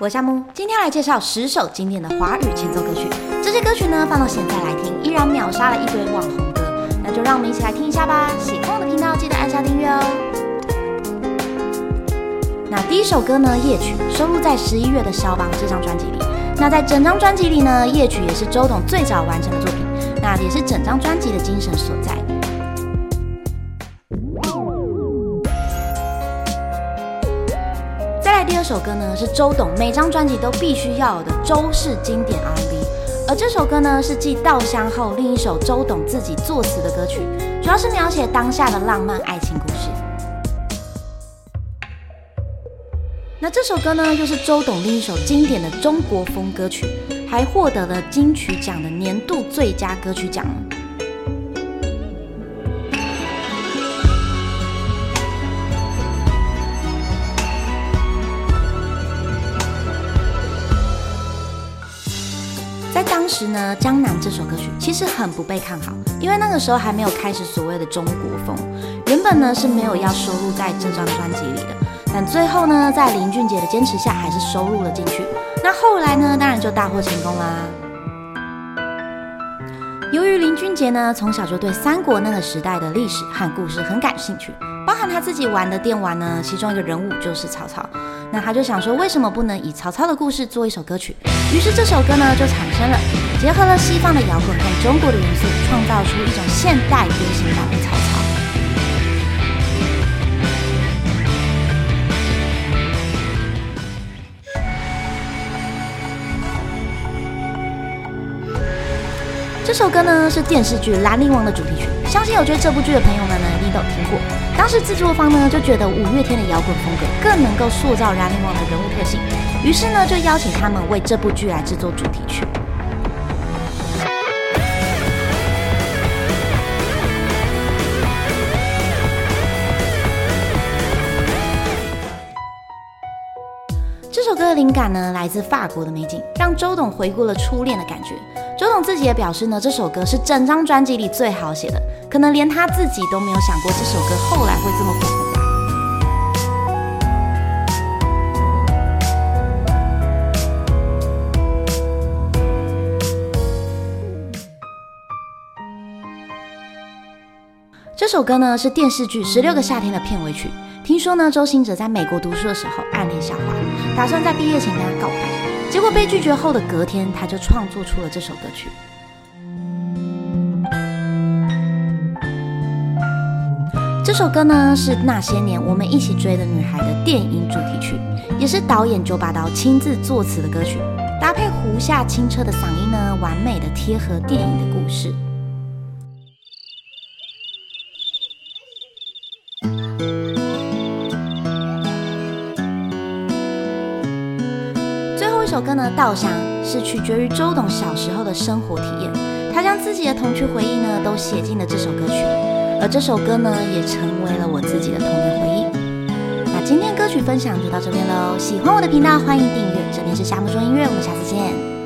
我是夏慕，今天要來介紹十首經典的華語前奏歌曲。這些歌曲呢，放到現在來聽，依然秒殺了一堆網紅歌。那就讓我們一起來聽一下吧。喜歡我的頻道，記得按下訂閱哦。那第一首歌呢，《夜曲》收錄在十一月的《肖邦》這張專輯裡。那在整張專輯裡呢，《夜曲》也是周董最早完成的作品，那也是整張專輯的精神所在。第二首歌呢，是周董每張專輯都必須要有的周氏經典 R&B，而這首歌呢是繼《稻香》後另一首周董自己作詞的歌曲，主要是描寫當下的浪漫愛情故事。那這首歌呢又、就是周董另一首經典的中國風歌曲，還獲得了金曲獎的年度最佳歌曲獎。當時呢，《江南》這首歌曲其實很不被看好，因為那個時候還沒有開始所謂的中國風。原本呢是沒有要收錄在這張專輯裡的，但最後呢，在林俊傑的堅持下，還是收錄了進去。那後來呢，當然就大獲成功啦。由於林俊傑呢，從小就對三國那個時代的歷史和故事很感興趣。包含他自己玩的電玩呢，其中一個人物就是曹操，那他就想說，為什麼不能以曹操的故事做一首歌曲？於是這首歌呢就產生了，結合了西方的搖滾跟中國的元素，創造出一種現代流行版的曹操。這首歌呢是電視劇《蘭陵王》的主題曲，相信有追這部劇的朋友們呢一定都有聽過。當時制作方呢就覺得五月天的搖滾風格更能夠塑造蘭陵王的人物特性，於是呢就邀請他們為這部劇來制作主題曲。這首歌的靈感呢來自法國的美景，讓周董回顧了初戀的感覺。周董自己也表示呢，這首歌是整張專輯裡最好寫的，可能連他自己都沒有想過這首歌後來會這麼火吧。 這首歌呢是電視劇《十六個夏天》的片尾曲。聽說呢，周興哲在美國讀書的時候暗戀校花，打算在畢業前跟他告白。結果被拒絕後的隔天，他就創作出了這首歌曲。這首歌呢，是那些年我們一起追的女孩的電影主題曲，也是導演九把刀親自作詞的歌曲，搭配胡夏清澈的嗓音呢，完美的貼合電影的故事。歌呢，稻香是取決於周董小時候的生活體驗，他將自己的童趣回憶呢都寫進了這首歌曲，而這首歌呢也成為了我自己的童年回憶。那今天歌曲分享就到這邊嘍，喜歡我的頻道，歡迎訂閱，這邊是夏慕說音樂，我們下次見。